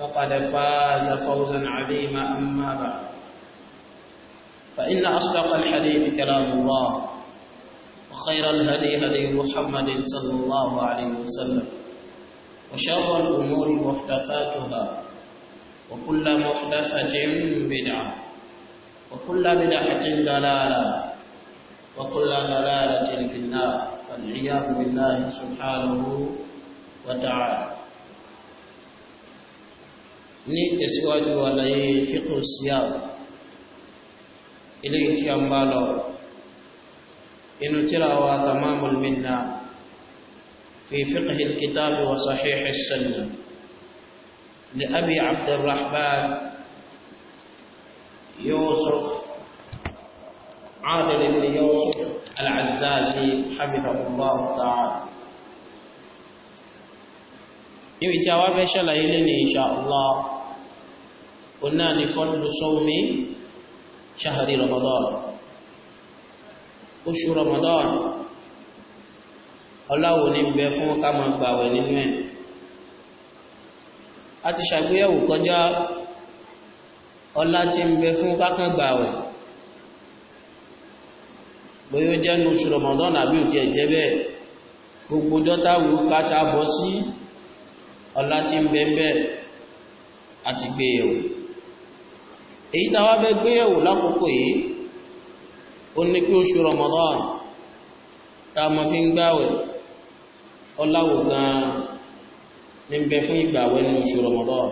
فقد فاز فوزا عظيما أما بعد فإن أصدق الحديث كلام الله وخير الهدي هدي محمد صلى الله عليه وسلم وشر الأمور محدثاتها وكل محدثة بدعة وكل بدعة دلالة وكل دلالة في النار فالعياذ بالله سبحانه وتعالى ní tẹ̀síwájú àlàyé fíkù síyàm ilé tí a ń bá lọ inú tíra wa tamamul minna fi fiqhi alkitab wa sahih as-sunnah li abi abdurrahman yusuf عادل بن يوسف العزازي حفظه الله تعالى يبي جواب ان شاء الله òun náà ni fọ́nlù sọ́wọ́mí ṣahari ọ oṣù Ramadan ọláwo ní bẹ fún ká máa gbàwẹ̀ nínú ẹ̀ a ti ṣàgbéyẹ̀wò kọjá ọlá ti ń bẹ fún kákan gbàwẹ̀ bóyá ó jẹ́ oṣù Ramadan àbí ò tiẹ̀ bẹ́ẹ̀ gbogbo dọ́tà wù ká ṣàbọ̀ sí ọlá ń bẹ bẹ́ẹ̀ àti èyí táwa bẹ gbéyẹ̀wò lákòókò yìí ó ní pé oṣù Ramadan tá a mọ fi ń gbàwẹ̀ ọláwò gan-an ní bẹ fún ìgbàwẹ̀ ní oṣù Ramadan.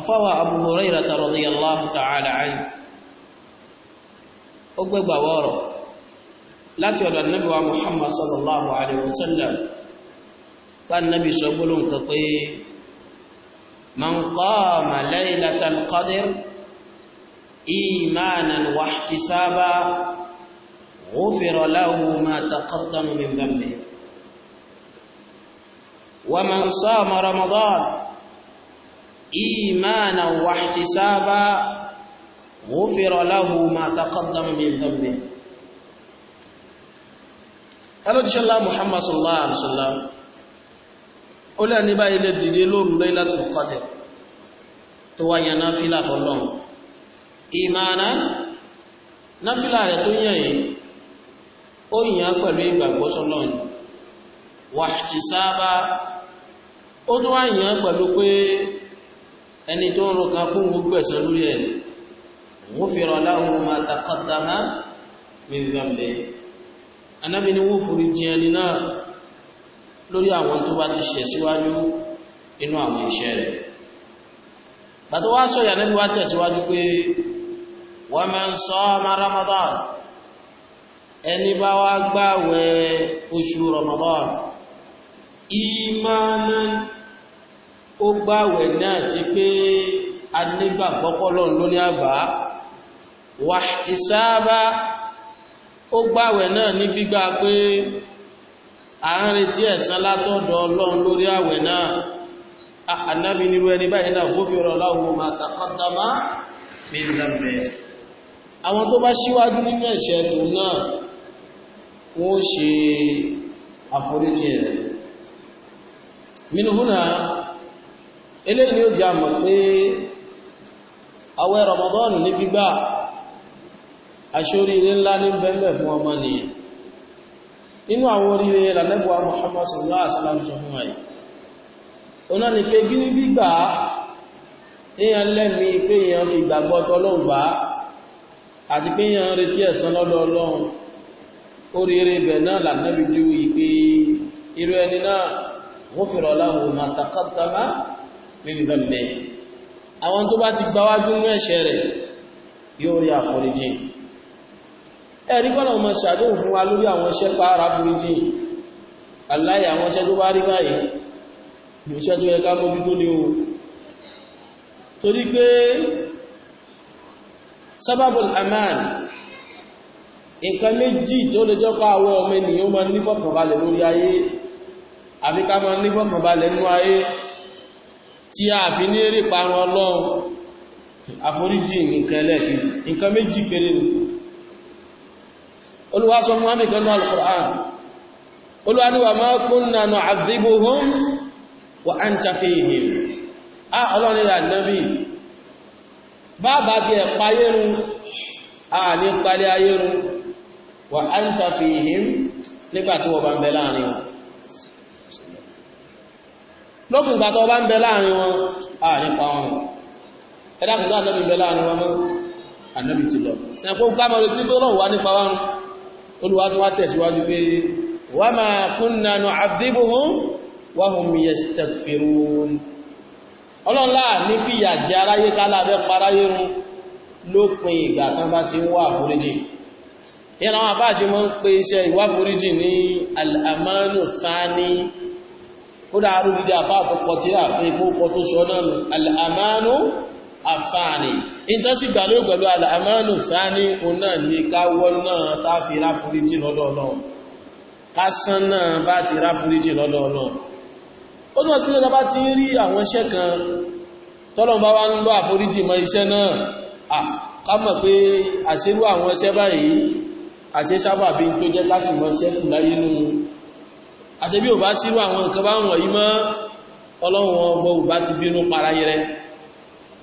afawa Abu Hurairah radiyallahu ta'ala anhu ó gbẹgbà wọrọ láti ọ̀dọ̀ Ànábì wa Muhammad sallallahu alayhi wa sallam bá Ànábì sọ gbólóhùn kan pé. من قام ليلة القدر إيمانا واحتسابا غفر له ما تقدم من ذنبه ومن صام رمضان إيمانا واحتسابا غفر له ما تقدم من ذنبه أبدا الله محمد صلى الله عليه وسلم ó lẹ́ni báyìí lè dìde lóru Laylatul Qadr tó wá yan náfìlà fọlọ́n ìmàna náfìlà rẹ̀ tó yàn yìí ó yàn pẹ̀lú ìgbàgbọ́ sọlọ́n wàhtísábà ó tún wá yàn pẹ̀lú pé ẹni tó ń rokan fún gbogbo ẹ̀ lórí àwọn tó bá ti ṣẹ̀ síwájú inú àwọn iṣẹ́ rẹ̀ gbàtó wá sọ̀yà níbi wá tẹ̀síwájú pé wa man sama Ramadan ẹni bá wá gbàwẹ̀ oṣù Ramadan ìmánan ó gbàwẹ̀ náà ti pé anígbàgbọ́pọ̀lọ́ lórí àbá wahtisaba ó gbàwẹ̀ náà ní gbígbà pé à ń retí ẹ̀san látọ̀dọ̀ ọlọ́run lórí àwẹ̀ náà ànábi nírú ẹni báyìí náà gófin ọ̀rọ̀ láwọn ma taqaddama min dhanbi àwọn tó bá síwájú nínú ẹ̀ṣẹ̀ tó náà wọ́n ṣe àforíjì ni ó jẹ́ Ramadan ní gbígbà aṣórí ilé ńlá ní nínú àwọn oríire lànẹ́bùwà Muhammad sallallahu alaihi wasallam sọ fún àyí ọ̀nà ni pé bí gbígbà èèyàn lẹ́mí pé èèyàn fi gbàgbọ́ tọ́lọ́hun gbà àti pé èèyàn retí ẹ̀san lọ́dọ̀ Ọlọ́hun oríire ibẹ̀ náà lànẹ́bì yóò rí àforíjìn ẹ̀rí kọ́nà ọmọ ṣàdóhùn fún wa lórí àwọn iṣẹ́ pàára burú jì aláyé àwọn iṣẹ́ tó bá rí báyìí iṣẹ́ tó yẹ ká mójú tó ní o torí pé sábàbùl aman nǹkan méjì tó lè jọ́kọ́ àwọn ọmọ ènìyàn máa nífọ̀kànbalẹ̀ lórí ayé àfi ká Olúwa sọ mú àmì kan ní Al-Qur'an Olúwa ní wa ma kunna nu'adhibuhum wa anta fihim a ọlọ́rin rà náàbí bàbá ti ẹ̀ payérun a ní parí ayérun wa anta fihim nígbàtí wọ́n bá ń bẹ láàrin wọn lókùn ìgbà tó bá ń bẹ láàrin lọ ẹ̀kùn kámọ̀lù tí tó lọ wà nípa wọn olúwa tó wá tẹ̀síwájú pé wa ma kunna nu'adhibuhum wa hum yastaghfirun ọlọ́nlá ní fìyà jẹ aráyé kálábẹ́ paráyé run lópin ìgbà kan bá ti ń wá àforíjì ìyẹn àwọn àbá àti ń pe iṣẹ́ ìwá àforíjì ní al-amanu àfáàní ìtọ́sí gbàlérò pẹ̀lú àmánù sáání òun náà ní káwọ́ náà tá fi ráforíjì lọ́dọ̀ náà kásán náà bá ti ráforíjì lọ́dọ̀ náà ó náà sí pé bá ti ń rí àwọn iṣẹ́ kan tọ́lọ́mbá wá ń lọ àforíjì mọ́ iṣẹ́ náà ká mọ̀ pé àṣírú àwọn iṣẹ́ báyìí àṣẹ sábàbí tó jẹ́ káfìmọ́ bí ò bá sírú àwọn nǹkan báwọn yìí mọ́ ọlọ́run ọgbọ́ ò bá ti bínú para yẹrẹ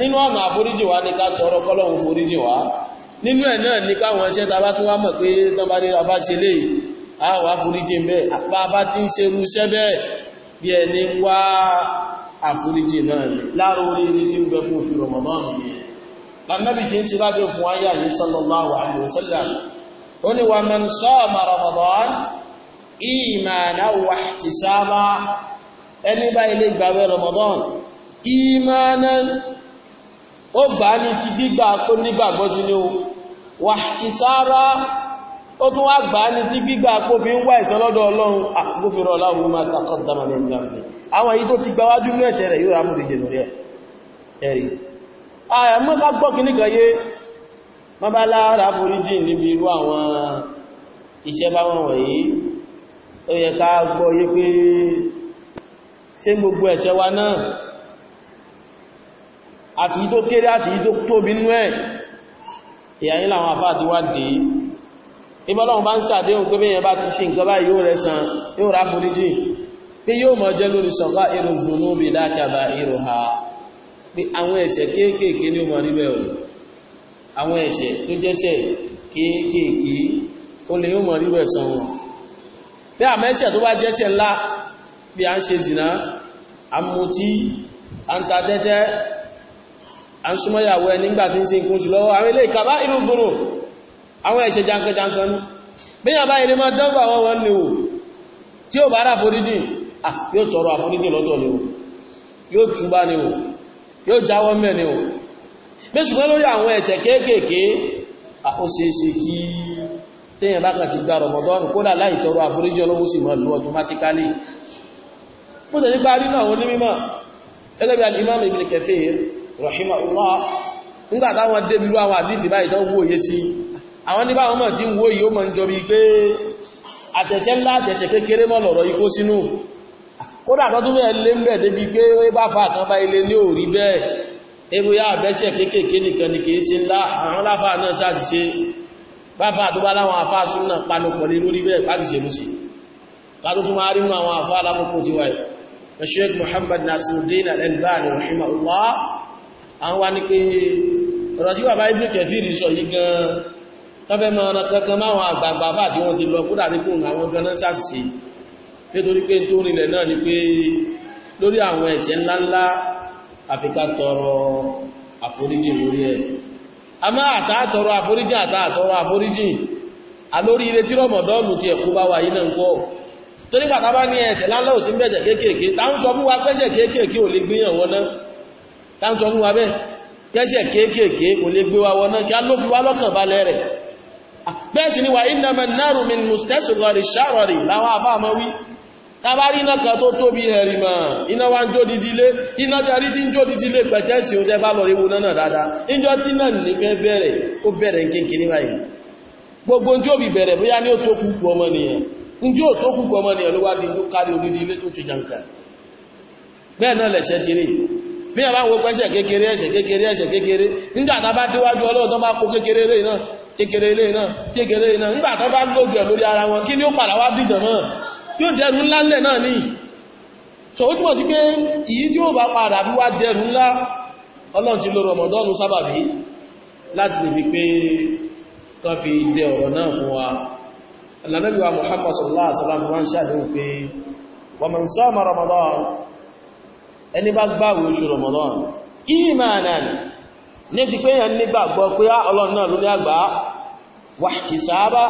nínú ọ̀nà àforíjì wa ní ká tọrọ kọ́lọ́hun foríjì wa nínú ẹ̀ náà ní káwọn iṣẹ́ ta bá tún wá mọ̀ pé tán bá ní ọba ṣe lè àwọn àforíjì ń bẹ́ àpá bá ti ń ṣerú iṣẹ́ bẹ́ẹ̀ bí ẹni wá àforíjì náà ni lára orí ní tí ń bẹ ó gbà ní ti gbígbà kó nígbàgbọ́ o wà ti sára ó tún wá gbà ní ti gbígbà kó fi ń wá ìsan lọ́dọ̀ ọlọ́run àgbófinrọ ọlọ́run máa takọ́ dámà ní ìgbàmì àwọn èyí tó ti gbáwájú ní ẹ̀ṣẹ̀ rẹ̀ yóò rámù ìjẹ̀ lórí àti ìtò kéré àti ìtò tóbi nú ẹ̀ ìyàyí làwọn àfá àti wá dé ìbọ́lọ́run bá ń sàdéhùn pé bẹ́yẹn bá ti ṣe nǹkan báyìí yóò rẹ̀ san yóò rá foríjì pé yóò mọ̀ jẹ́ lórí sọ̀fá irun zùnú bí lákàbà irun ha pé àwọn ẹ̀ṣẹ̀ kéékèèké ní ọmọ níbẹ̀ o àwọn ẹ̀ṣẹ̀ tó jẹ́ṣẹ̀ kéékèèké ó lè a ń súnmọ́ ìyàwó ẹni nígbà tí ń ṣe nǹkan oṣù lọ́wọ́ àwọn ilé ìkàbá ìlú gbòrò àwọn ẹ̀ṣẹ̀ jankan-jankan ní bíyàn bá ìrìnmọ́ dánwò àwọn wọn ni o tí ó bá rà foríjì yóò tọrọ àforíjì lọ́dọ̀ ni o yóò túbá ni o yóò jáwọ́ mẹ́ ni o bí ṣùgbọ́n lórí àwọn ẹ̀ṣẹ̀ kéékèèké àkóṣeéṣe kí téèyàn bá kàn ti gba automatically bó ṣe nípa nínú àwọn onímọ̀ ẹlẹ́bí al-Imam Ibn rahimahullah nígbà táwọn débilú àwọn àdísì báyìí tán wòye sí àwọn níbà wọn mọ̀ tí ń wó yìí ó mọ̀ ń jọ bí pé àtẹ̀tẹ̀ ńlá àtẹ̀tẹ̀ kékeré mọ́ lọ̀rọ̀ ikó sínú kódà tó tún mẹ́rin lé ń bẹ̀ débi pé ó bá fà kan bá ilé ní òrí bẹ́ẹ̀ eboyá àbẹ́sẹ̀ kéèkéé nìkan ni kìí ṣe ńlá àwọn láfà náà sáàṣìṣe báfà tó bá láwọn àfà súnà panupọ̀ lè lórí bẹ́ẹ̀ bá ti ṣe àwọn wa ní pé ọ̀rọ̀ tí bàbá Ibn Kathir sọ yìí gan tọ́fẹ́ mọ́ ọ̀nà kankan máwọn àgbààgbà bá tí wọ́n ti lọ kódà ní kóhùn àwọn ganan sàṣìṣe nítorí pé tó rinlẹ̀ náà ni pé lórí àwọn ẹ̀ṣẹ̀ ńláńlá àfikà tọrọ àforíjì lórí ẹ̀ a máa àtàtọrọ àforíjì àtàtọrọ àforíjì alórí ilé tí wa pẹ́ṣẹ̀ kéékèèké ò lè táǹsọ fún wa bẹ́ẹ̀ kẹ́ṣẹ̀ kéékèèké kò lè gbé wa wọná kí a ló fi wá lọ́kàn balẹ̀ rẹ̀ bẹ́ẹ̀ sì ni wà ìnàmà náàrù min mustashghari sharari láwọn afáàmọ́ wí tabari iná kan tó tóbi ẹ̀rì mọ̀ iná wá ń jó dídílé iná tẹ́rí tí ń jó dídílé pẹ̀tẹ́sì ó tẹ́fà lọ náà dáadáa ìjọ tí náà bẹ̀rẹ̀ ó bẹ̀rẹ̀ báyìí gbogbo bẹ̀rẹ̀ bóyá ní ọmọnìyàn ọmọnìyàn ló wá di tó bẹ́ẹ̀ náà ti bí ẹ̀bá wo pẹ́sẹ̀ kékeré ẹ̀ṣẹ̀ kékeré ẹ̀ṣẹ̀ kékeré nígbàtà bá déwájú ọlọ́ọ̀tọ́ bá kó kékeré lè náà kékeré lè náà kékeré lè náà nígbàtà bá lóògbé ẹ̀ lórí ara wọn kí ni ó padà wá dìjọ náà yóò dẹrù ńlá ńlẹ̀ náà so otu sí pé ìyí tí ó bá padà bí wá dẹrù ńlá ọlọ́run ti lo láti lè fi pé kan fi dẹ ọ̀rọ̀ náà fún wa alanabiwa muhammad sallallahu alaihi ṣàdéhùn pé ramadan ẹni bá gbààwẹ̀ oṣù Ramadan imanan ní ti pé yẹn nígbàgbọ́ pé ah, ọlọ́run náà ló ní àgbà wahtisaba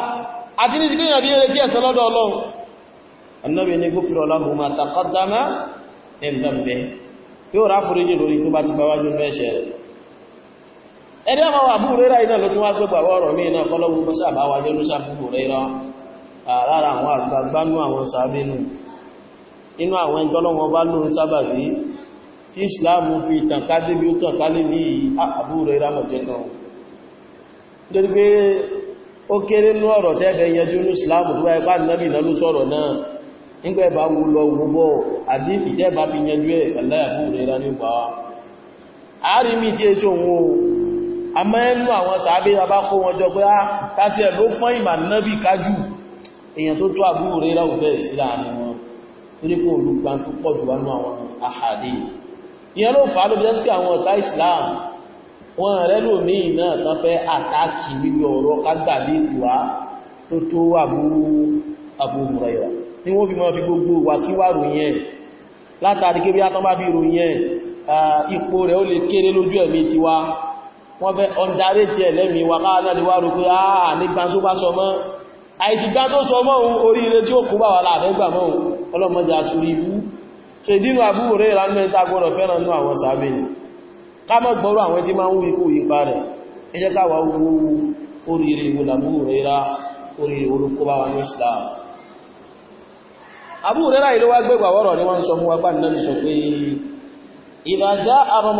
àti ní ti pé yẹn bí ẹrẹ tí ẹ̀sẹ̀ lọ́dọ̀ ọlọ́run annabi ní gufira lahu ma taqaddama min dhanbi yóò rá foríjì lórí tó bá ti bá wájú mẹ́ṣẹ̀ rẹ̀ ẹ̀dẹ́ àwọn àbúrò rẹ̀ iná ló tún wá gbẹ́gbà ọ̀rọ̀ mí iná kọ́lọ́gbù mọ́sá àgbàgbánú àwọn sàbínú inú àwọn ẹjọ́lọ́wọ́ bá lóun sábàbí tí ìsìláàmù fi tàn ká débi ó tàn ká lè ní àbúrò ìrámọ̀jẹ́ kan nítorí pé ó kéré ní ọ̀rọ̀ tẹ́fẹ́ yẹjú ní ìsìláàmù tó wáyé pàdé náà nínú sọ̀rọ̀ náà nígbà ẹ̀bá wo lọ gbogbo àdífì tẹ́bá fi yẹjú ẹ̀ aláyàbúrò ìrá ní bá àárín mi tí èso òun o àmọ́ ẹnu àwọn sàábé abá kó wọn jọ pé ah, á tàbí ẹ̀ ló fọ́n ìmà náàbì kájù èèyàn tó tó jù wánú àwọn àhàdé ìyẹn ló fà á ló jẹ́ sí àwọn ọ̀tá Islam wọn rẹ̀ lòmíì náà tán fẹ́ àtàkì níbi ọ̀rọ̀ kágbàdé ìwà tó tó Abu Huraira ní wọ́n fi máa fi gbogbo wà tí wà ròyìn ẹ̀ látàrí kébí atán bá fi ròyìn ẹ̀ ipò rẹ̀ ó lè kéré lójú ẹ̀mí ti wá wọ́n fẹ́ ọ̀dáre ti ẹ̀lẹ́mí wà káàkiri wà rò so ìdínú àbúrò ìrànlẹ́ta gbọ́rọ̀ fẹ́ràn ní àwọn sàábé ni ká mọ́ gbọ́rọ̀ àwọn tí máa ń wú ikú ipa rẹ̀ owó oríire ìwòlàbúrò oríire wa ní Islam àbúrò ìrà ìlú wá gbẹ́gbà wọ́rọ̀ ni wọ́n sọ mú wapá nínú sọ pé bá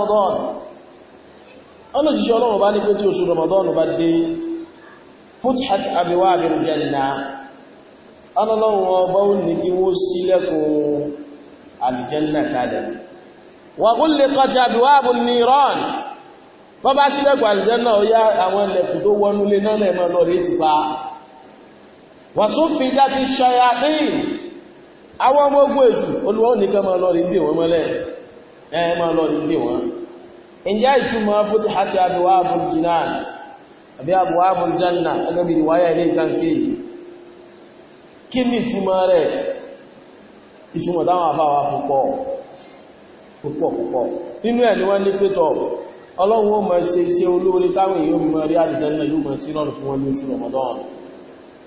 aljanna kalẹ̀ wa ghulliqat abwabun niran bọ́ bá sílẹ̀kùn aljanna ó yá àwọn ilẹ̀kùn tó wọnú lé náà lẹ́mọ́ lọ rí ti pa wa suffidati shayatin àwọn ọmọ ogun èṣù olúwa nìkan máa lọ rí dè wọ́n mọ́lẹ̀ ẹ máa lọ rí dè wọ́n ǹjẹ́ ìtumọ̀ futihati abwabul jinan àbí abwabul janna gẹ́gẹ́ bí ìwáyà ilé ìtànkì kí ni ìtumọ̀ rẹ̀ ìtumọ̀ dáwọn àfáwà púpọ̀ púpọ̀ púpọ̀ nínú ẹ̀ ni wọ́n ní pétọ̀ ọlọ́run ó mọ̀ ṣe iṣẹ́ olóore táwọn èèyàn mọ̀ rí àjẹ́jẹ́ yóò mọ̀ sí rọrùn fún wọn lóṣù Ramadan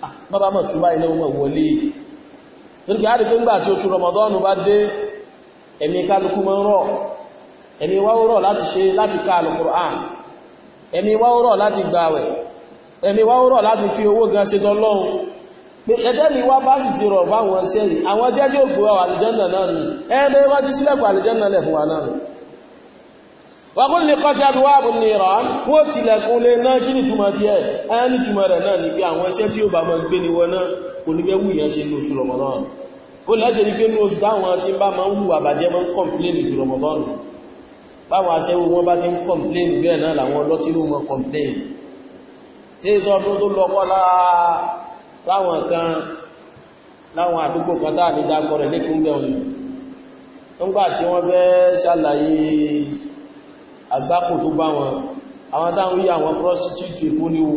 ah, bábá mọ̀ túbá ilé wọn wọlé nígbà àti pé ńgbà tí oṣù Ramadan bá dé ẹ̀mí kálukú mọ́ rọ̀ ẹ̀mí wá rọ̀ láti ṣe láti ka Al-Qur'an ẹ̀mí wá rọ̀ láti gbàwẹ̀ ẹ̀mí wá rọ̀ láti fi owó gan ṣe tọ́lọ́run ẹ̀tẹ́lì wá bá sì ti rọ̀ báwọn sẹ́rì àwọn jẹ́ tí ó gbọ́ àlìjọ́nà náà ni ẹgbẹ́ wá ti sílẹ̀kọ̀ àlìjọ́nà lẹ̀ fún wa náà wọ́n lè kọjá bí wáàbù ní ìrọ̀ wó tilẹ̀kùn lè náà kí ní túnmọ̀ tí ẹ̀ ẹ́ ní túnmọ̀ rẹ̀ náà ní pé àwọn iṣẹ́ tí ó bá mọ́ gbé ní wọ́n náà kò ní gbé wùyàn ṣe ní oṣù Ramadan kó lẹ́ṣẹ́ ní pé ní oṣù táwọn tí bá máa ń wù àbàjẹ́ máa ń kọ̀mpléènì ju Ramadan báwọn aṣẹ́wó wọn bá ti ń kọ̀mpléènì bẹ́ẹ̀ náà làwọn ọlọ́tí ló mọ kọ̀mpléènì tí ìtọ́ láwọn kan láwọn àdúgbò kan táàbí dákọ̀ rẹ̀ lékún bẹ̀rún nígbà tí wọ́n fẹ́ ṣàlàyé àgbákò tó bá wọn àwọn táwọn yí àwọn prostitute èkó ní wo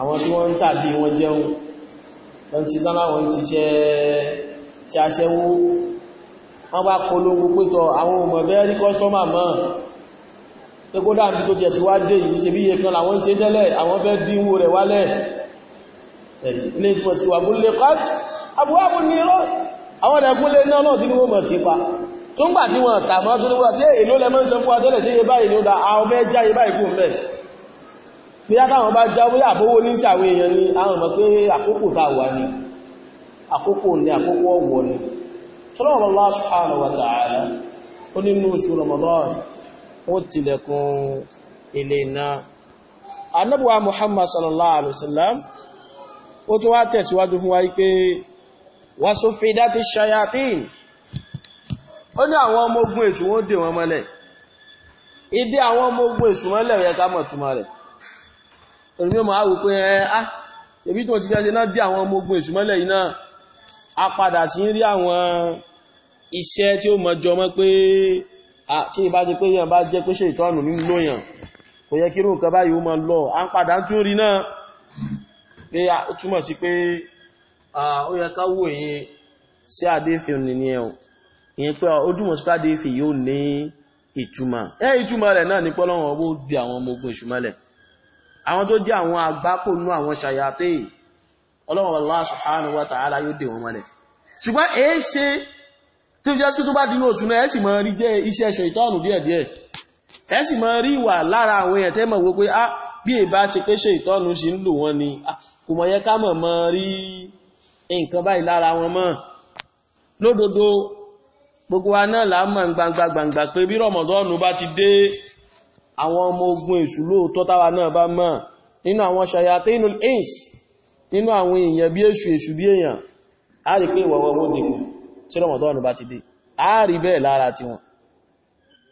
àwọn tí wọ́n ń tàdí wọn jẹun wọ́n ti tán láwọn ti jẹ́ ti aṣẹ́wó wọ́n bá polówó pétọ àwọn ọmọ bẹ́ẹ̀ rí kọ́sọ́mà mọ́ pé kódà bí tó jẹ́ ti wá dé yìí ṣe bí iye kan làwọn ń ṣe tẹ́lẹ̀ àwọn fẹ́ dínwó rẹ̀ wálẹ̀ ilé ìtumọ̀ sí wà gúnlé kọ́t abúwábù ní irọ́ àwọn ẹ̀kúnlé náà náà tí wọ́n mọ̀ tí pa tó ń gbà tí wọ́n tàmọ́ tó nígbà tí èlò lẹ́mọ́ ń sọ fún àtọ́lẹ̀ sí ibá ìlú da àwọn bẹ́ já ibá ìkú mẹ́ bí látàwọn bá já bóyá àbówó ní sàwọn èèyàn ni àwọn ọmọ pé àkókò tá wà ní àkókò ní àkókò ọ̀wọ̀ ni tọ́lọ́rọ̀ Allah subhanahu wa ta'ala ó nínú oṣù Ramadan ó tilẹ̀kùn ilé náà anábùwà Muhammad sallallahu alaihi wasallam ó tó wá tẹ̀síwájú fún wa pé wasufidati shayatin ó ní àwọn ọmọ ogun èṣù wọ́n dè wọ́n mọ́lẹ̀ ìdí àwọn ọmọ ogun èṣù mọ́lẹ̀ yẹ ká mọ̀ túmọ̀ rẹ̀ èmi mọ̀ áwò pé ẹ á èbí tó ti gẹ́gẹ́ náà dí àwọn ọmọ ogun èṣù mọ́lẹ̀ yìí náà a padà sí rí àwọn iṣẹ́ tí ó mọjọ mọ́ pé tí ìbá jẹ pé yẹn bá jẹ́ pé ṣe ìtọ́nù nínú lóyàn kò yẹ kí irú nǹkan báyìí ó mọ lọ à ń padà tún rí náà pé ó túmọ̀ sí pé ó yẹ ká wò yẹn sí àdéfì òní ẹ̀ o ìyẹn pé ó túmọ̀ sí pé àdéfì yóò ní ìtumọ̀ ẹ ìtumọ̀ rẹ̀ náà ní pọ́lọ́wọ́n owó bí àwọn ọmọ ogun ìṣúmọ́lẹ̀ àwọn tó jẹ́ àwọn àgbákò nú àwọn ṣàyàtẹ́ ọlọ́wọ́n Allah subhanahu wa ta'ala yóò dè wọ́n lára àwọn èèyàn tẹ́ mọ̀ wó pé ah bí è bá ṣe pé ṣe ìtọ́nu ṣe ń lò wọ́n ni kò mọ̀ yẹ ká mọ̀ mọ́ rí nǹkan báyìí lára wọn mọ́ lódodo gbogbo wa náà là á mọ̀ gbangba gbangba pé bí rọ̀mọ̀dọ́nù bá ti dé àwọn ọmọ ogun èṣù lóòótọ́ táwa náà bá mọ̀ nínú àwọn shayatinul ins nínú àwọn èèyàn bí èṣù èṣù bí èèyàn a rí pé ìwọ̀wọ̀ wọ́n dìkù tí rọmọdọ́nù bá ti dé a rí bẹ́ẹ̀ lára tiwọn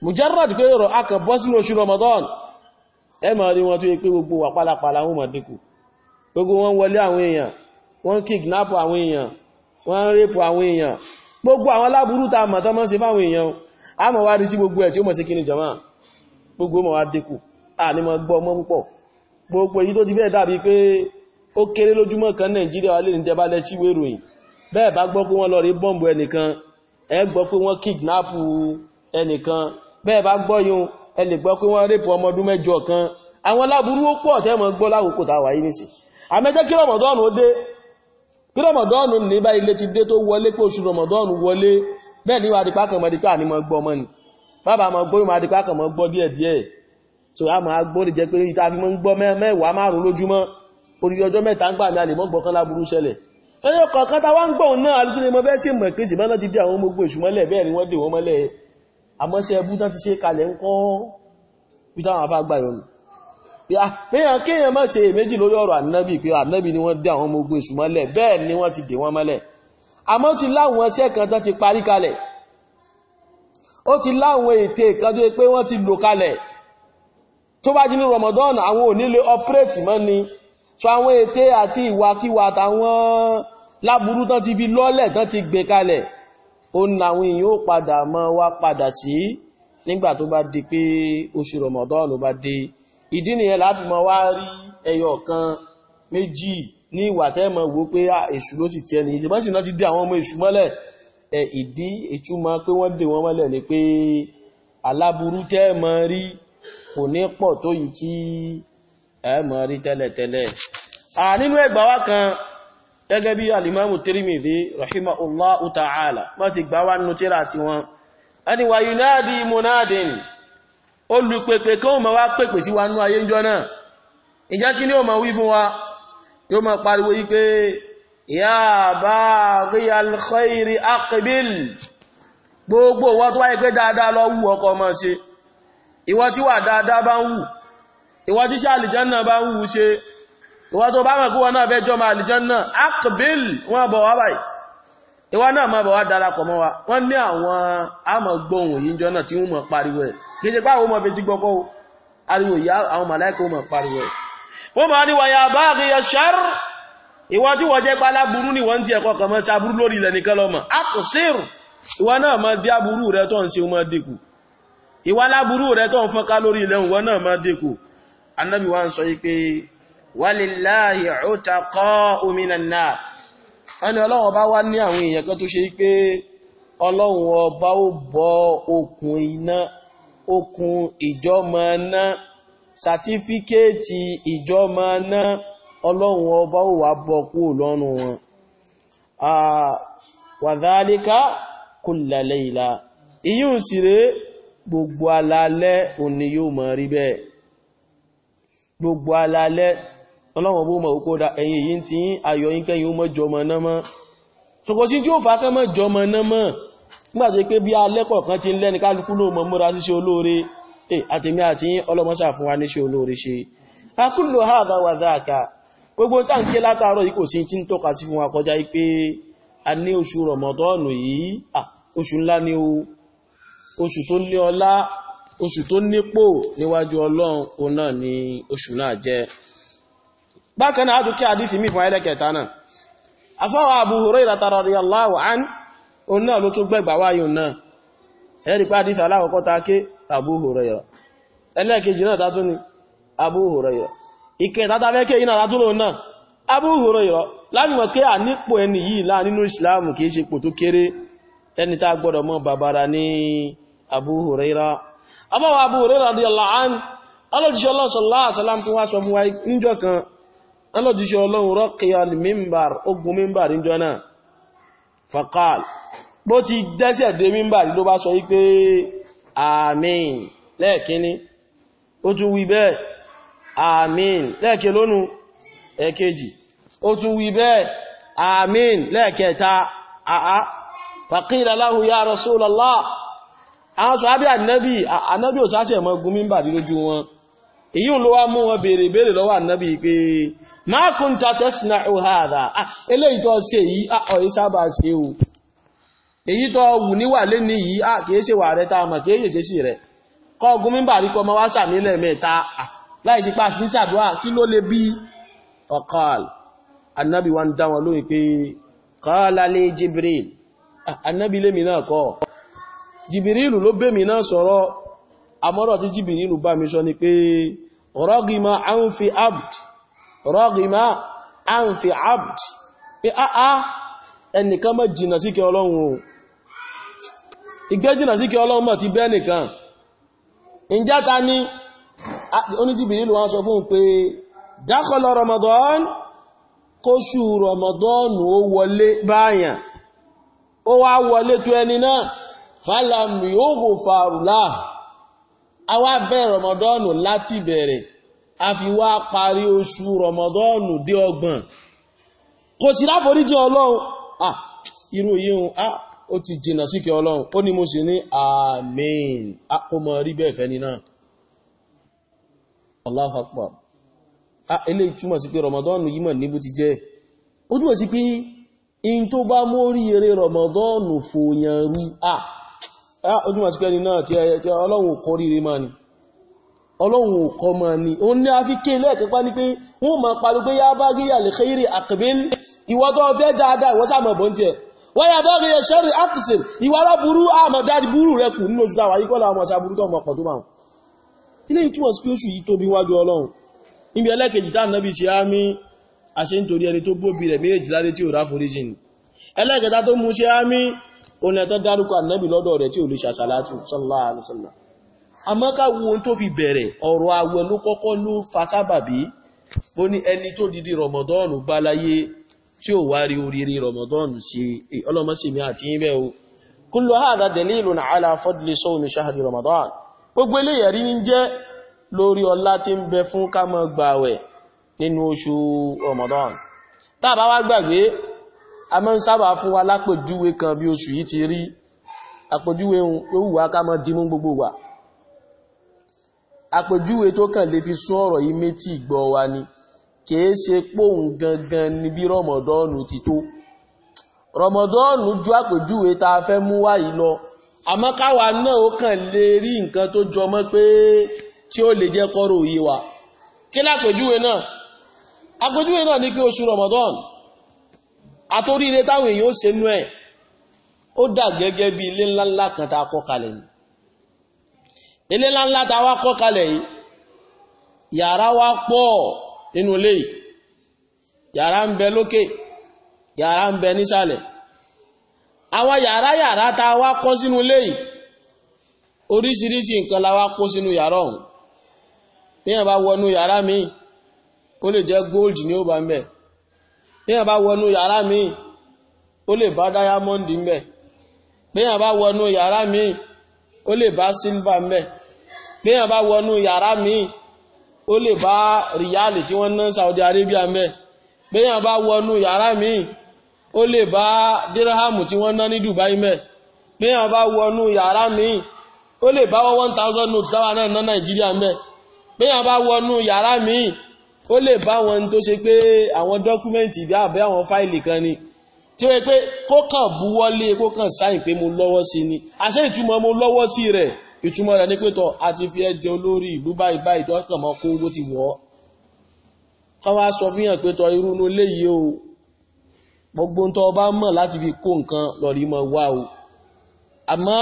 mujarrad pé rọ̀ akàbọ́sílò oṣù rọmọdọ́nù ẹ máa rí wọn tó yẹ pé gbogbo wà pálapàla wọn máa dínkù gbogbo wọn wọlé àwọn èèyàn wọ́n kidnap àwọn èèyàn wọ́n rape àwọn èèyàn gbogbo àwọn aláburú tá mọ̀ tó mọ́ ṣe fáwọn èèyàn a mọ̀ wá rí tí gbogbo ẹ̀ tí ó mọ̀ ṣe kí ni jama gbogbo mọ̀ wá dínkù a ní mọ̀ gbọ́ mọ́ púpọ̀ gbogbo èyí tó ti bẹ́ẹ̀ dàbí pé ó kéré lójúmọ́ kan Nàìjíríà wà lè ní tẹ́bá lẹ́ sí ẹ lè gbọ́ pé wọ́n rèpù ọmọ ọdún mẹ́jọ kan àwọn láburú ó pọ̀ tẹ́ mọ́ gbọ́ láwòkò tàwà yìí nìsì àmẹ́jẹ́ kí rọmọdọ́nù ó dé kí rọmọdọ́nù ní bá ilé ti dé tó wọlé pé oṣù rọmọdọ́nù wọlé bẹ́ẹ̀ ni wàdìpá kan mọ̀dìpá ni mọ̀ gbọ́ mọ́ni bàbá mọ̀ gbóyún wàdìpá kan mọ̀ gbọ́ díẹ̀ díẹ̀ so a máa gbórí jẹ pé ìta fi mọ́ ń gbọ́ mẹ́wàá márùn lójúmọ́ orí ọjọ́ mẹ́ta ń gbà ní alè àmọ́sẹ́ ẹbú tán ti ṣe kalẹ̀ ń kọ́ pítàwọn afá gbà yọ̀nù kéèyàn má ṣe èméjì lórí ọ̀rọ̀ ànábì pé ànábì ni wọ́n dé àwọn ọmọ ogun èṣù mọ́lẹ̀ bẹ́ẹ̀ ni wọ́n ti dè wọ́n mọ́lẹ̀ àmọ́ ti láwọn ẹṣẹ́ kan tán ti parí kalẹ̀ ó ti láwọn ète Ramadan àwọn ni so àwọn ète àti ìwàkiwà àtàwọn láburú tán ti fi lọ́lẹ̀ tán ti gbé ó láwọn èèyàn ó padà mọ́ wá padà sí nígbà tó bá di pé oṣù Ramadan ló bá dé ìdí nìyẹn láti mọ́ wá rí ẹyọ kan méjì ní ìwà tẹ́mọ̀ wó pé ah, èṣù ló sì tẹ́ ní ìṣẹ́bọ́sì náà ti dé àwọn ọmọ èṣù mọ́lẹ̀ ìdí ìtumọ̀ pé wọ́n dè wọ́n mọ́lẹ̀ ni pé aláburú tẹ́mọ̀ rí kò ní pọ̀ tó yìí tí ẹ̀mọ̀ rí tẹ́lẹ̀tẹ́lẹ̀ nínú ẹgbàá wa kan gẹ́gẹ́ bí alimamu Tirmidhi rahimahullahu ta'ala ma ti gbá wá nùtíra ti wọn ẹni wà yunadi munadin olùpẹ̀pẹ̀ kí o ma wá pẹ̀pẹ̀ sí wánú ayé ń jọ náà ìjá kí ní o ma wí fún wa yóò ma pariwo yí pé ya baghi al-khairi aqbil bá ń ìwọ́n tó bá mọ̀ kí wọ́n náà fẹ́ jọmọ àlìjánnà akbil wọ́n bọ̀ wá báyìí ìwọ́n náà mọ̀ bọ̀ wá darapọ̀ mọ́ wa wọ́n ní àwọn amọ̀gbóhùn yíjọ náà tí wọ́n mọ̀ pariwo ẹ̀ kì í ṣe páwọn ọmọ bẹ̀tí mọ̀ pariwo tí wọ́n ni wọ́n ti ẹ̀kọ́ kan mọ́ sáburú lórí ilẹ̀ nìkan lọ́mọ̀ akọ̀sír ìwọ́n náà mọ̀ dí aburú rẹ̀ tó ń ṣe mọ́ dínkù ìwọ́n láburú rẹ̀ tó ń fọ́nká lórí ilẹ̀ ìwọ́n náà mọ́ dínkù walillahi utaqa'u minan nar ẹni ọlọ́run ọba wá ní àwọn èèyàn kan tó ṣe pé ọlọ́run ọba ó bọ okùn iná okùn ìjọmọ̀ọ́ná sàtífíkéètì ìjọmọ̀ọ́ná ọlọ́run ọba ó wà bọ kúrò lọ́rùn wọn wàdálíká kulla layla ìyíùn sì gbogbo alálẹ́ òní yóò máa rí bẹ́ẹ̀ gbogbo alálẹ́ ọlọ́wọ̀n bó mọ̀ òkú ọdá ẹ̀yìn yìí tí yín ayọ̀ yín kẹ́yìn ó mọ́ jọmọ náà mọ́ ṣòkò sí tí ó fà kẹ́ mọ́ jọmọ náà mọ́ nígbàtí pé bí alẹ́kọ̀ọ́ kan ti lẹ́ni kálukú wa ní ṣe olóore ṣe akúlò hàdà wà dáàkà gbogbo táǹkì látàárọ̀ yìí kò sí tí ń tọ́ka sí fún oṣù ni o oṣù tó nípò níwájú ọlọ́run òun náà ni oṣù náà jẹ́ bákan náà àtúkí àdísì mí fún ẹlẹ́kẹta náà afọ́wà Abu Hurairah radiyallahu an o náà ló tó gbẹ̀gbà wáyùn náà ẹ̀rí pé àdísì aláwọ̀kọ́ ta ké Abu Hurairah ẹlẹ́kẹjì náà ẹni yìí láà nínú kìí ṣe pò tó kéré ẹni tá gbọ́dọ̀ bàbára ní alójíṣẹ́ wá sọ fún níjọ́ kan alọ́díṣẹ́ ọlọ́run rọ́kíyà mímbàr ogun mímbàr ní jọ fàkàl bó ti dẹ́sẹ̀ dé mímbàr ló bá sọ wípé àmín lẹ́ẹ̀kíní ó tún wí bẹ́ẹ̀ àmín lẹ́ẹ̀kẹ́ lónú ẹ̀kejì ó tún wí bẹ́ẹ̀ àmín lẹ́ẹ̀kẹta àá fàkíl aláhu èyí ló wá mú wọn bere béèrè lọ́wọ́ ànábì pé máa kún ta tẹ́sínà òhàdà eléyìí tó ṣe yìí ọ̀yẹ́ sábà ṣe o wù níwà lẹ́ni yìí kìí ṣe wà rẹ kìí sí rẹ ogun mímbà rí kọmọ wá sàmì lẹ́ẹ̀mẹ́ta a, pa sí ṣàdúrà kí ló lè bí wa ń dá wọn lóyìn pé kọ́ọ́lá lé Jibril ànábì lémi náà kọ́ lo ló bẹ́mi náà sọ̀rọ̀ àmọ́rọ̀ tí rọ́gìmá àǹfì abd rọ́gìmá àǹfì abd pé àá ah, ah, ẹnìkan mọ́ jìnà síkẹ ọlọ́run o ìgbẹ́ jìnà síkẹ ọlọ́run mọ̀ ti bẹ́ nìkan ìjáta ní oníjìbìrì lọ wọ́n sọ fún pé dákọlọ ramadan kóṣù ramadan ó wọlé báyàn ó wá wọlé tó ẹni náà fálàmì ó gò fàrùláà a wá bẹ̀rẹ̀ rọmọdọ́ọ̀nù láti bẹ̀rẹ̀ a fi wá parí oṣù rọmọdọ́ọ̀nù dé ọgbọ̀n kò sí láforíjì ọlọ́run à irú yíhun à ó ti jìnà síkẹ ọlọ́run ó ní mo sì ní àmín àkómọ rí bẹ́ẹ̀ fẹ́ ní náà ilé ìtumọ̀ sí pé rọmọdọ́ọ̀nù Ah, ojúmọ̀ sí pẹ́ni náà tí ọlọ́run ò kọ́ ríre máa ni ọlọ́run ò kọ́ máa ni o ní a fi ké lẹ́ẹ̀kẹ́pá ní pé wọ́n ma parí pé yá bá gíyà lè khairi aqbil ìwọ tó fẹ́ dáadáa ìwọ sáà mọ̀ bọ́n tiẹ̀ wọ́n yà bá gíyà sharri aqsim ìwọ aláburú àmọ̀ dáadì burú rẹ kù nínú oṣù táwà yíkọ́lá ni ẹlẹ́kẹta tó mú ṣe ó ní ẹ̀tọ́ dárúkọ ànábì lọ́dọ̀ rẹ̀ tí ò lè sallallahu alaihi tó fi bẹ̀rẹ̀ ọ̀rọ̀ àwẹ̀ ló kọ́kọ́ ló bó ní ẹni tó didi rọmọdọ́ọ̀nù balaye ti tí wari wá rí oríire rọmọdọ́ọ̀nù sí e, ọlọ́mọsìnmi àti o kullu hadha gbogbo a mọ́ ń sábà fún wa lápèjúwe kan bí oṣù yìí ti rí àpèjúwe òwúwà ká mọ́ dímú gbogbo wa àpèjúwe tó kàn lè fi sún ọ̀rọ̀ yìí méjì gbọ́ wa ni kìí ṣe póhùn gangan ni bí rọmọdọ́ọ̀nù ti tó rọmọdọ́ọ̀nù ju àpèjúwe ta fẹ́ mú wá yìí lọ àmọ́ káwa náà ó kàn lè rí nǹkan tó jọmọ́ pé tí ó lè jẹ́ kọ́rọ̀ òye wa kí lápèjúwe náà àpèjúwe náà ní pé oṣù rọmọdọ́ọ̀nù àtóríire táwọn èèyàn ó ṣe nú ẹ̀ ó dà gẹ́gẹ́ bí ilé ńláńlá kan tá a kọ́ kalẹ̀ yìí ilé ńláńlá tá a wá kọ́ kalẹ̀ yìí yàrá wá pọ̀ nínú ilé yìí yàrá ń bẹ lókè yàrá ń bẹ nísàlẹ̀ àwọn yàrá yàrá tá wá kọ́ sínú ilé yìí oríṣiríṣi nǹkan la wá kó sínú yàrá ọ̀hún bí wọ́n bá wọnú yàrá míì ó lè jẹ́ gold ní ó bá ń bẹ̀ẹ́ bíyàn bá wọnú yàrá míì ó lè bá dáyámọ́ndì mẹ́ bíyàn bá wọnú yàrá míì ó lè bá sílvà mẹ́ bíyàn bá wọnú yàrá míì ó lè bá ríyàlì tí wọ́n ná Saudi Arabia mẹ́ bíyàn bá wọnú yàrá míì ó lè bá díráhàmù tí wọ́n ná ní Dubai mẹ́ bíyàn bá wọnú yàrá míì ó lè bá 1000 notes táwa náà ná Nàìjíríà mẹ́ bíyàn bá wọnú yàrá míì ó lè bá wọn tó ṣe pé àwọn dọ́kúmẹ́ntì bí àbẹ́ àwọn fáìlì kan ni tí ó yẹ pé kó kàn buwọ́lé kó kàn sáyìn pé mo lọ́wọ́ sí ni àṣẹ ìtumọ̀ mo lọ́wọ́ sí rẹ̀ ìtumọ̀ rẹ̀ ní pẹ́tọ̀ àti fi ẹjẹ olórí ìlú báyìí báyìí dọ́kàn mọ́ kó owó ti wọ́ kọ́ wá sọ fi hàn pẹ́tọ̀ irú inú léyìí o gbogbo ń tọ́ bá mọ̀ láti fi kó nǹkan lọ rí mọ́ wá o àmọ́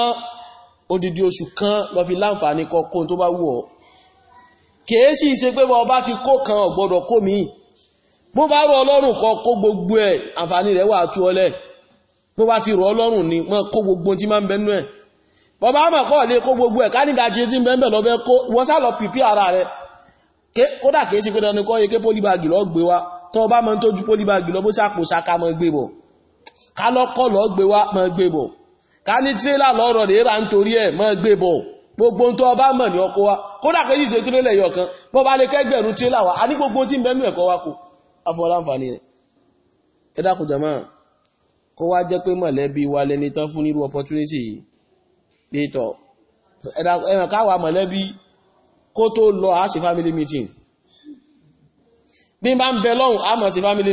odidi oṣù kan lọ fi láǹfààní kọ́ kó tó bá wù ọ́ kèésì ṣe pé bọ́ bá ti kó kan ọ̀gbọ́dọ̀ kó mi bó bá rọ ọlọ́run kan kó gbogbo ẹ̀ àǹfààní rẹ̀ wà tú ọlẹ̀ bó bá ti rọ ọlọ́run ní mọ́ kó gbogbo tí máa ń bẹnú ẹ̀ bọ́ bá mọ̀ pọ̀ lé kó gbogbo ẹ̀ kánídàájí tí ń bẹ́ẹ̀ lọ́bẹ́ kó wọ́n sá lọ pìpì ara rẹ̀ kódà kèésì pé dandan kọ́ yeke pólíbàgì lọ gbé wa tọ́ bá mọ́ tó ju pólíbàgì gbogbo tó ọba mọ̀ ní ọkọ̀ wa kódà kejì ṣe tún lẹ́yọ kan bọ́ bá lè kẹgbẹ̀rún tí ó láwà a ní gbogbo tí ń bẹ́nu ẹ̀kọ́ wa kò afọláǹfààní rẹ̀ ẹ dákun kó wá jẹ́ pé mọ̀lẹ́bí wa lẹni tán fún irú opportunity yìí létọ̀ ẹ̀ràn káwà mọ̀lẹ́bí kó tó lọ a ṣe family meeting bí bá ń bẹ lọ́hùn a mọ̀ ṣe family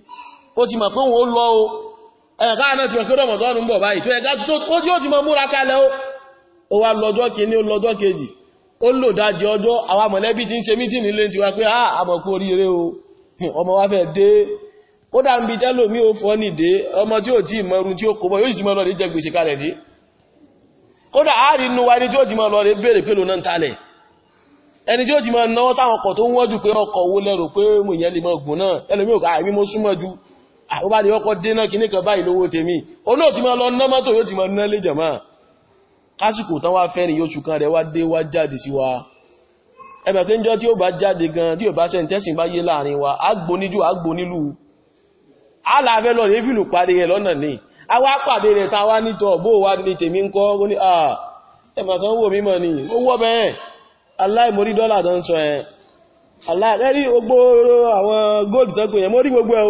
ó ti mọ̀ pé wọ́n lọ o ẹ̀ká náà ti mọ̀ pé rọmọdọ́nù ń bọ̀ báyìí tó ẹ̀ká tó tí ó ti mọ̀ múra kalẹ̀ o ó wá lọ́jọ́ kìíní ó lọ́jọ́ kejì ó lò dájẹ́ ọjọ́ àwọn mọ̀lẹ́bí ti ń ṣe o ọmọ wa fẹ́ dé ó dá ń bi tẹ́lò mí ó fọ́ nìdé ọmọ tí ó tí ìmọ̀rún tí ó kò bọ́ yóò sì mọ́ lọ́rẹ̀ jẹ gbèsè kalẹ̀ ní kódà àárí inú wa ní tí ó ẹni tí ó ti mọ́ náwọ́ sáwọn ọkọ̀ tó ń wọ́jú pé ọkọ̀ wo lẹ́rò pé mò ìyẹn lè mọ́ gùn náà ẹlòmí ò àmì mo súnmọ́ àwọ́bá ah, ni ọkọ̀ dénà kì ní kan báyìí lówó tèmi oná ti máa lọ ná mọ́tò yóò ti máa ná lé jàmá kásìkò tán wá fẹ́rin yóò ṣùkan rẹ̀ wá dé wá jáde sí wa ẹbẹ̀ pé ń jọ tí ó bá jáde gan tí ó bá sẹ́ntẹ́sìn bá yé láàrin wa àgbò níjú àgbò ah, ni ó wọ́ bẹ́ẹ̀ aláìmorí dọ́là tó ń sọ ẹ̀ aláìrí gbogbo àwọn góòlù tán pè yẹn mórí gbogbo ẹ̀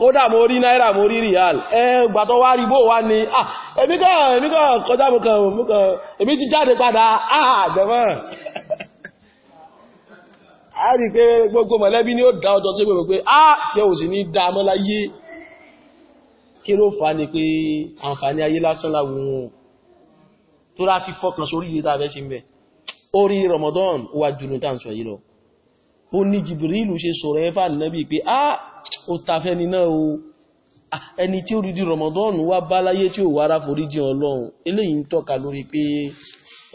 kódà mo rí náírà mo rí ríàl ẹgbà tó wá rí bó wá ní ah èmi kàn èmi kàn kọjá mo kàn mo kàn èmi ti jáde padà ah jẹ́mọ́ a rí pé gbogbo mọ̀lẹ́bí ni ó dá ọjọ́ tí gbogbo pé ah tí ó sì ní dá mọ́ láyé kí ló fà ní pé àǹfààní ayé lásán láwọn tó rá fi Ramadan wà jùlọ tá à ń sọ yìí lọ ó ní Jibrilu ṣe sọ̀rọ̀ ẹ̀fà nẹ́bí pé ah ó tafẹ́ ni náà o ẹni tí ó rí di Ramadan wá bá láyé tí ó wára foríjì Ọlọ́run eléyìí ń tọ́ka lórí pé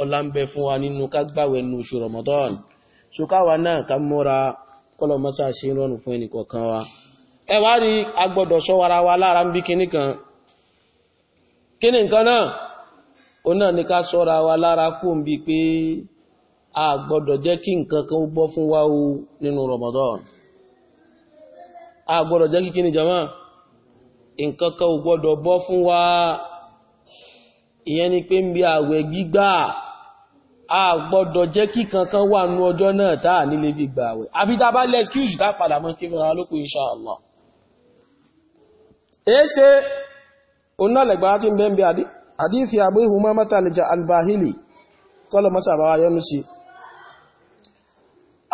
ọlá fún wa nínú ká gbàwẹ̀ nínú oṣù Ramadan so káwa náà ká mọ́ra kọ́lọ̀ mọ́sá ṣe rọrùn fún ẹnì kọ̀ọ̀kan wa ẹ wá rí agbọ́dọ̀ ṣọ́wara wa lára ń bí kinní kan kíní nǹkan náà wa lára fún Ramadan a gbọ́dọ̀ jẹ́ kíkí ni jama nǹkan kan ò gbọ́dọ̀ bọ́ fún wa ìyẹn ni pé ń bí àwẹ̀ gbígbà a gbọ́dọ̀ jẹ́ kí kankan wà nú ọjọ́ náà tá à nílé fi gbà àwẹ̀ àbí tá a bá lẹ́ excuse tá padà mọ́ kí fúnra lókun insha Allah èéṣe onálẹ̀gbà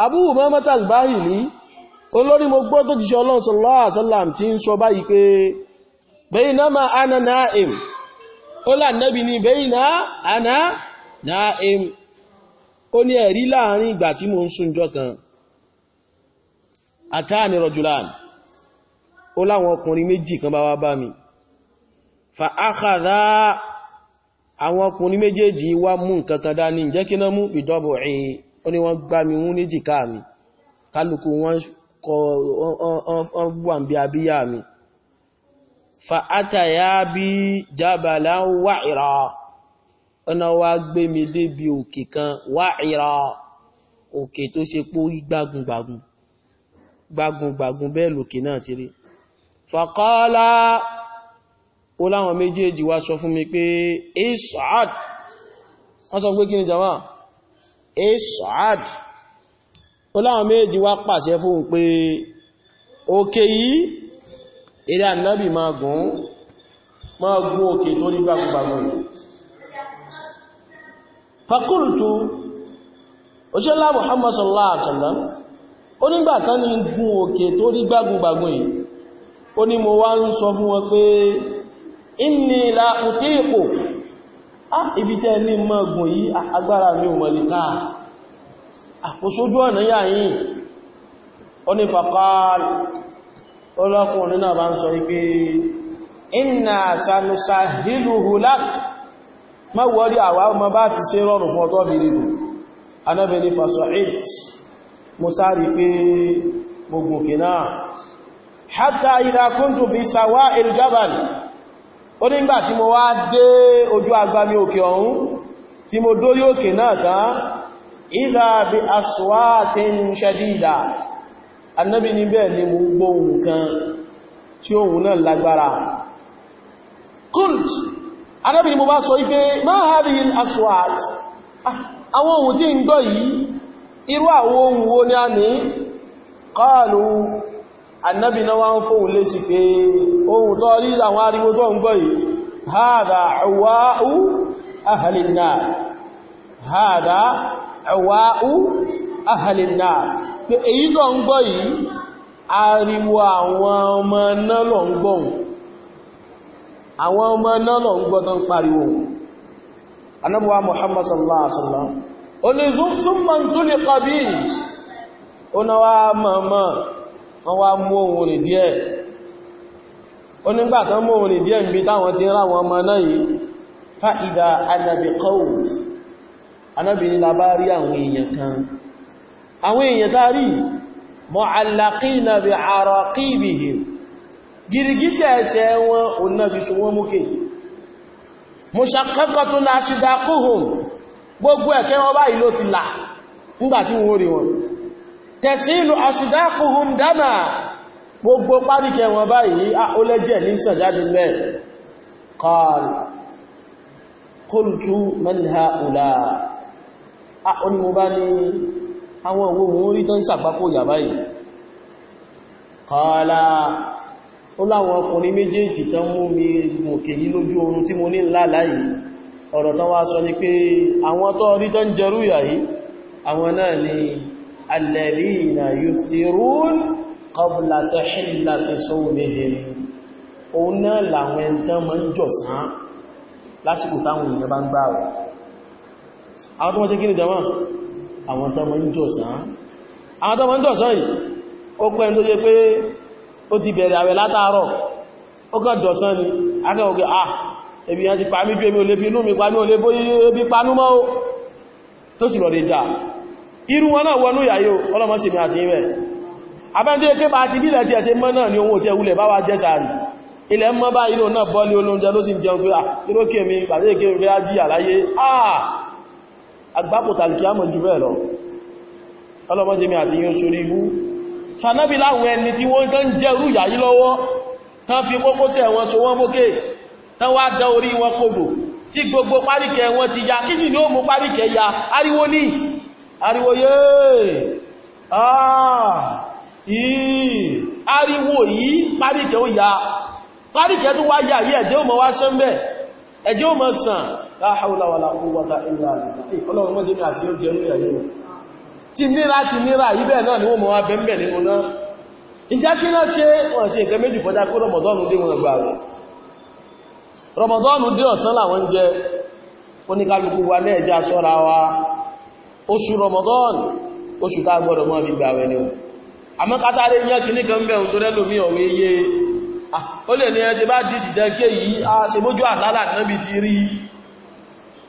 Abu Humama mátàlẹ̀jà albahili olórí mo gbọ́ tó ti ṣe ọlọ́run sallallahu alaihi wasallam tí ń sọ báyìí pé baynama ana na'im ó lànàbí ni bayna ana na'im ó ní ẹ̀rí láàrin ìgbà tí mo ń súnjọ kan àtàní rajulan ó láwọn ọkùnrin méjì kan bá wá bá mi fa akhadha àwọn ọkùnrin méjèèjì wá mú nǹkan kan dání jẹ́ kí náà mú ìdọ́bọ̀ ẹ̀yìn ó ní wọ́n wọn wà ń bí abíyà mi fa'ata ya bí jábàlá wa'ira ọ̀nà wa gbé mi débi òkè kan wa'ira òkè tó ṣe pórí gbágungbàgun gbágungbàgun bẹ́ẹ̀ lòkè náà ti rí fàkọ́lá ó láwọn méjèèjì wá sọ fún mi pé isad wọ́n sọ pé kí ni jama isad oláwọn méjì wá pàṣẹ fún pé òkè yìí eré ànábì ma gùn ma gùn òkè tó rí gbàgbàgbà fakultu òṣèlá Muhammad sallallahu alaihi wasallam ó nígbàtán ní gùn òkè tó rí gbàgbàgbà yìí ó ní mo wá ń sọ fún wọn pé inni la utiqu ah ibi tẹ́ ní mọ́gùn yìí agbára mi ò àkóṣójú ọ̀nà yà yìí ó ní fàkàl ọlọ́kùnrin náà bá ń sọ wípé inna sanusahiluhu lak ma wọ́rí àwà ọmọ bá ti ṣe rọrùn fún ọ̀tọ́ bìrìdù anábẹni fasoid musáàrí pé gbogbo kìnà mo dórí òkè náà tán ìdá bí aswátin ṣadídà annabi ní bẹ́ẹ̀ ni gbọ́ kan tí ohùn náà lágbára kult annabi ni mo bá sọ ha ma hadhihi aswát ah, àwọn tí ń gbọ́ yìí irú àwọn ohun wo ni a ní kọlu annabi ẹ̀wàáú ahàlìnà pé èyí lọ ń gbọ́ yìí ariwo àwọn ọmọ náà lọ ń gbọ́ àwọn ọmọ náà lọ ń gbọ́ tán pariwo anábuwa Muhammad sallallahu alaihi wasallam o ni tó ń bí táwọn ti rá àwọn ọmọ náà annabi qawm anábìnrin labá rí àwọn èèyàn kan àwọn èèyàn tá rí mu'allaqina bi araqibihim gìrìgíṣẹ́ ẹ̀ṣẹ́ wọn onábìṣù wọn múkè mushaqqaqatun ashdaquhum gbogbo ẹ̀kẹ́ wọn báyìí ló ti là nígbàtí wọ́n rí wọn tasilu ashdaquhum dama gbogbo páríkẹ wọn báyìí ah, ó lẹ́jẹ̀ ní sọ̀jáde lẹ́ qal qultu man ha'ula Ah, ó ní mo bá ní àwọn òwò mú rí tán sàgbákò yàbá yìí kọ́ọ̀lá ó láwọn ọkùnrin méjèèjì tán mú mi mòkè yí lójú oorun tí mo ní lálá yìí ọ̀rọ̀ tán wá sọ ni pé àwọn tó rí tán jẹrú yà àwọn tó wọ́n ṣe kí ni jama àwọn tàbí ń jọ̀sán àwọn tàbí ń jọ̀sán yìí ó pẹ́ tó yẹ pé ó ti bẹ̀rẹ̀ àwẹ̀ látàárọ̀ ó kàn jọ̀sán ni akẹ́wọ̀gẹ́ ah ebi yẹn ti pa mí ju èmi ò lè fi inú mi pa mí ò lè bóyí ebi panú mọ́ tó sì lọ́dẹ̀ jà irú wọn náà wọnú ìyàyò ọlọ́mọ sí mi àti ìwẹ̀ abẹ́ntí ẹkẹ́ bá ti náà ni owó tí ló sì jẹun pé ah, à ìrókè mi pàdé ìkéwẹ̀ bí á jí àláyé àà ah! agbápòtà alkiyama jù bẹ́ẹ̀ lọ ọlọ́mọdé mi àti yíò sórí ibú fanábi láwọn ẹni tí wọ́n tán jẹ́rú yàyí lọ́wọ́ tán fi kókósẹ̀ wọn so wọ́n mókè tán wá dá orí wọn kòbò tí gbogbo páríkẹ wọn ti ya kí sì ní ó mú páríkẹ ya ariwo ní ariwo yéè àà ah, yìí ariwo yìí páríkẹ ó ya páríkẹ tó wá yà yìí ẹ̀jẹ̀ ó mọ́ wá sán bẹ́ẹ̀ ẹ̀jẹ̀ ó mọ́ sàn la hawla wala quwwata illa billah ọlọ́run mọ́jẹ́ ní àti yóò jẹ́ ní ẹ̀yìn wọn ti nira ti nira ibẹ̀ náà ni wọ́n mọ́ wá bẹ̀m̀bẹ̀ nínú náà ìjá kí náà ṣe wọ́n ṣe ìkẹ́ méjì kọjá kó rọmọdọ́nù dé wọn gbà rẹ̀ wa ni àmọ́ ní ah, jẹ́ kéyìí a ṣe mójú àlálà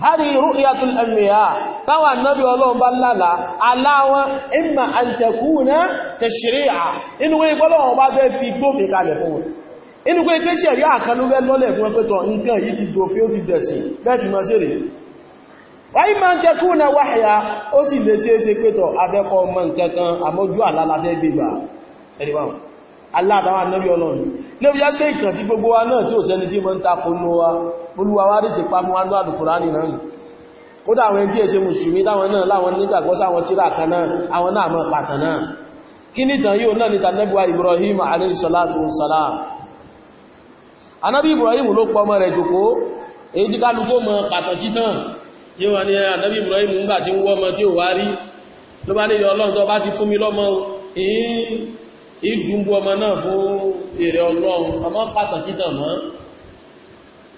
هذه رؤية الأنبياء طوى النبي الله بلالا علاوة إما أن تكون تشريعا إنه يقول الله بعد في قفل كالفون inú pé pé ṣẹ̀rí àkànlúwẹ́ lọ́lẹ̀ fún ẹgbẹ́tọ̀ nǹkan yìí ti dò fí ó ti dẹ̀sì bẹ́ẹ̀tì máa ṣe rẹ̀ wáyé máa ń tẹ́kù na wáyà ó sì lè ṣe é ṣe pẹ́tọ̀ abẹ́kọ ọmọ nǹkankan àmójú àlálàfẹ́ gbígbà ẹ̀rìwáhùn aláàdáwà náà rí ọlọ́run lórí yá sí ìkàn tí gbogbo wa náà tí ò sẹ́ni tí mọ́ ń takò ní wa olúwawárí sì pa fún wádùn àdùkùránì náà ni ó dá àwọn ẹni tí è ṣe mùsùlùmí táwọn náà láwọn nígbàgbọ́ sáwọn tíra kan náà àwọn náà mọ̀ pàtàn kí nìtàn yíò náà nìtàn nẹ́bùwa Ibrahim alayhi salatu wassalam anábí Ibrahim ló pọ̀ ọmọ rẹ̀ jòkó èyí tí kálukó mọ̀ pàtàkì Ibrahim ń gbà tí ń wọ́ ọmọ tí ò wá rí ló bá nílẹ̀ Ọlọ́run tó bá ti fún náà fún èrè Ọlọ́run ọmọ pàtàkì tán mọ́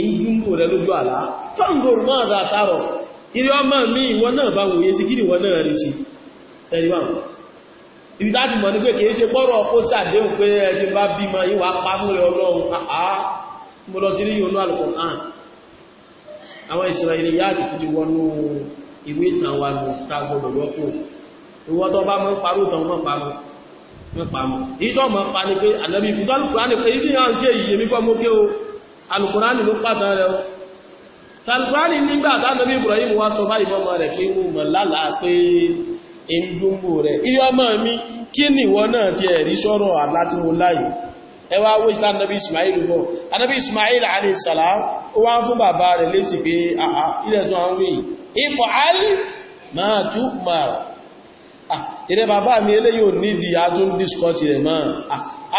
ìjúmù rẹ lójú àlá fọ́nbòrò máa za tààrọ̀ ilé ọmọ mi ìwọ náà bá wòye sí kí ìwọ náà rí sí ẹ̀ríwọ̀n ibi láti mọ̀ ní pé kìí ṣe pọ́rọ̀ ó sàdéhùn pé ẹjẹ́ bá bímọ ìwà pàmúrẹ̀ ọlọ́run àá mo lọ ti rí yóò lọ́lọ́pọ̀ àn àwọn Ísírẹ́lì yá ti fi wọnú ìwé alùkùránì ló pàtàn rẹ̀ o alùkùránì nígbà tánàbí Ibrahim wá sọ báyìí fọ́mọ rẹ̀ pé mo mọ̀ lálàá pé ìdúnbò rẹ̀ ilé ọmọ mi kí ni ìwọ náà ti ẹ̀rí sọ̀rọ̀ àláti mo láyìí ẹwà owó ìsìlá anábí Ismail fọ́ anábí Ismail alayhi salam ó wá fún bàbá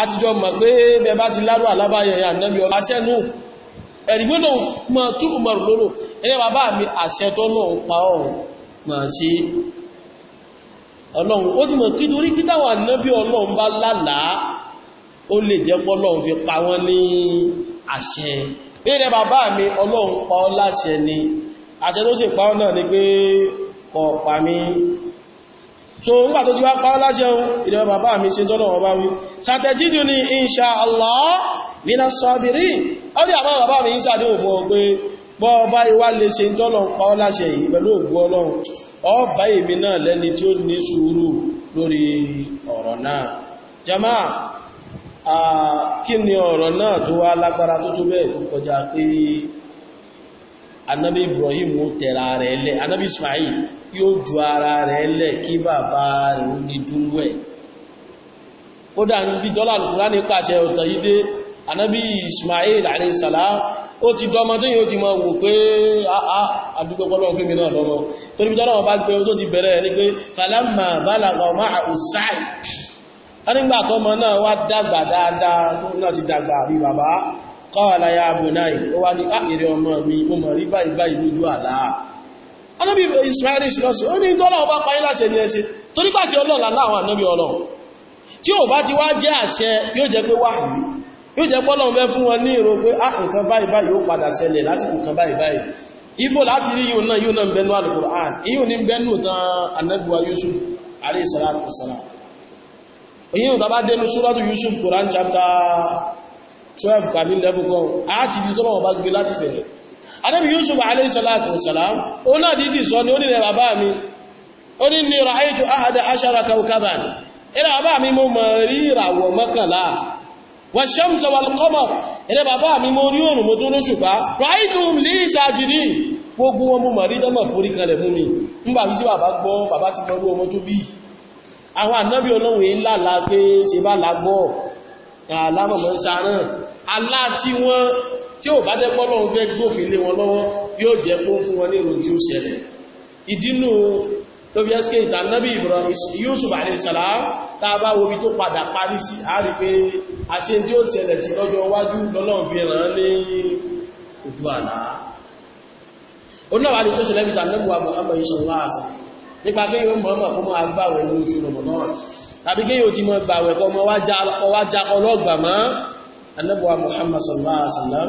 àtijọ́ mọ̀ pé bẹba ti lárò alábáyẹ̀ ànábí ọmọ aṣẹ́ nù ẹ̀rìgbónà mọ̀ tún mọ̀rù lóró ẹgbẹ́ bàbá mi àṣẹ tó náà pa ọ̀rùn mọ̀ sí ọlọ́run ó ti mọ̀ kí torí kí táwọn ànábí ọlọ́run bá lálàá ó lè jẹ́ pọ́lọ́run fi so ń gbà tó ti wá pàá láṣẹun ilẹ̀ bàbá mi ṣe tọ́lọ̀ ọba wí sàtẹ̀jídù ni insha Allah mina sọ́bìrí ọdí àbá bàbá mi ń fún ọba iwale lè ṣe tọ́lọ̀ pàá láṣẹ yìí ọba náà anábí ibrahim ó tẹ̀ra rẹ̀ lẹ̀ anábí ismail yóò ju ara rẹ̀ lẹ̀ kí bàbá rẹ̀ ó ní dúró ẹ̀ kódà níbi dọ́là nìkúrá ní pàṣẹ ọ̀tọ̀ yìí dé anábí ismail alayhisalam ó ti dọ́mọ tó yíò ti mọ̀ wò pé àdúgbọ́gbọ́lọ́ ah, ah, fún mi náà lọ́mọ tó níbi dọ́là wọn kọ́ọ̀lá ya bù náà ó wá ní àìrí ah, ọmọ mi mo mọ̀ rí báyìí báyìí lójú àlá anábí Ismaili ṣílọ́sì ó ní tọ́lọ̀ ọba pa iláṣẹ ní ẹṣẹ torí pàṣẹ ọlọ́ọ̀lá láwọn anábí ọlọ́run tí ó bá ti wá jẹ́ àṣẹ yóò jẹ́ pé wáhù yóò jẹ́ pọ́lọ̀ fẹ́ fún wọn ní ìrò pé á ah, nǹkan báyìí báyìí ó padà ṣẹlẹ̀ lásìkò kan báyìí báyìí ibo láti rí yóò Yusuf alayhi salatu wassalam òyìn ò tàbá dénú Yusuf Quran chapter 12 kàmí lẹ́bùkọ́ àti ibi tọ́lọ́wọ́ bá gbé láti bẹ̀rẹ̀ adẹ́bì Yusuf alayhi salatu wassalam ó náà dídì sọ ní onílẹ̀ bàbá mi ó ní ní ra'aytu ahada ashara kawkaban ilẹ̀ bàbá mi mo mọ̀ rí ìràwọ̀ mọ́kànlá wash-shamsa wal-qamar ilẹ̀ bàbá mi mo rí òrùn mo tó lóṣùpá ra'aytuhum gbogbo wọn mo mọ̀ forí kalẹ̀ fún mi nígbà tí bàbá gbọ́ bàbá ti gbọ́ ọmọ tó bí àwọn ànábì Ọlọ́run yìí lálàá ṣe bá lágbọ́ alámọ̀mọ̀ ń sáà náà alá tí wọ́n tí ò bá jẹ́ pọ́lọ̀ ń fẹ́ gbófin lé wọn lọ́wọ́ yóò jẹ́ kó fún wọn ní ìròyìn tí ó ṣẹlẹ̀ ìdínú tó bí ẹ́sìkè ìtànábì Yusuf alayhisalam tá a bá wo bí tó padà parí sí a rí pé àti tí ó ṣẹlẹ̀ sí lọ́jọ́ iwájú lọ́lọ́run fi ràn lé ojú àlá onáwà ní tó ṣẹlẹ̀ bí tànábì tàbí kí yóò ti mọ gbàwẹ̀ kọ mọ wá já ọlọ́gbà mọ́ anábọ̀wà Muhammad sallallahu alaihi wasallam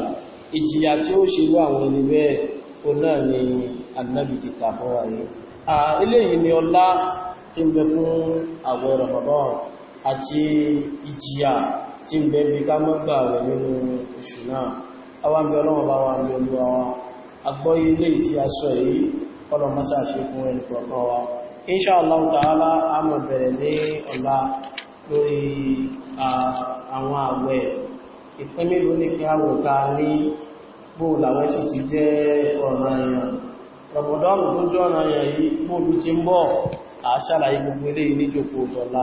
ìjìyà tí ó ṣe wà àwọn ẹni bẹ́ẹ̀ ó náà ni annabi ti kà fún wa ní eléyìí ni ọlá tí ń bẹ fún àwẹ̀ Ramadan àti wa insha Allah ta'ala a mọ̀ bẹ̀rẹ̀ ní ọ̀la lórí àwọn àwẹ̀ ìpín mélòó ní kí àwọ̀ ta ní bóòlù àwọn ẹ̀sìn ti jẹ́ ọ̀nà èèyàn rọ̀bọ̀dọ́nù tó jẹ́ ọ̀nà èèyàn yìí bóòlù ti ń bọ̀ àṣàlàyé gbogbo ilé níjòkó ọ̀la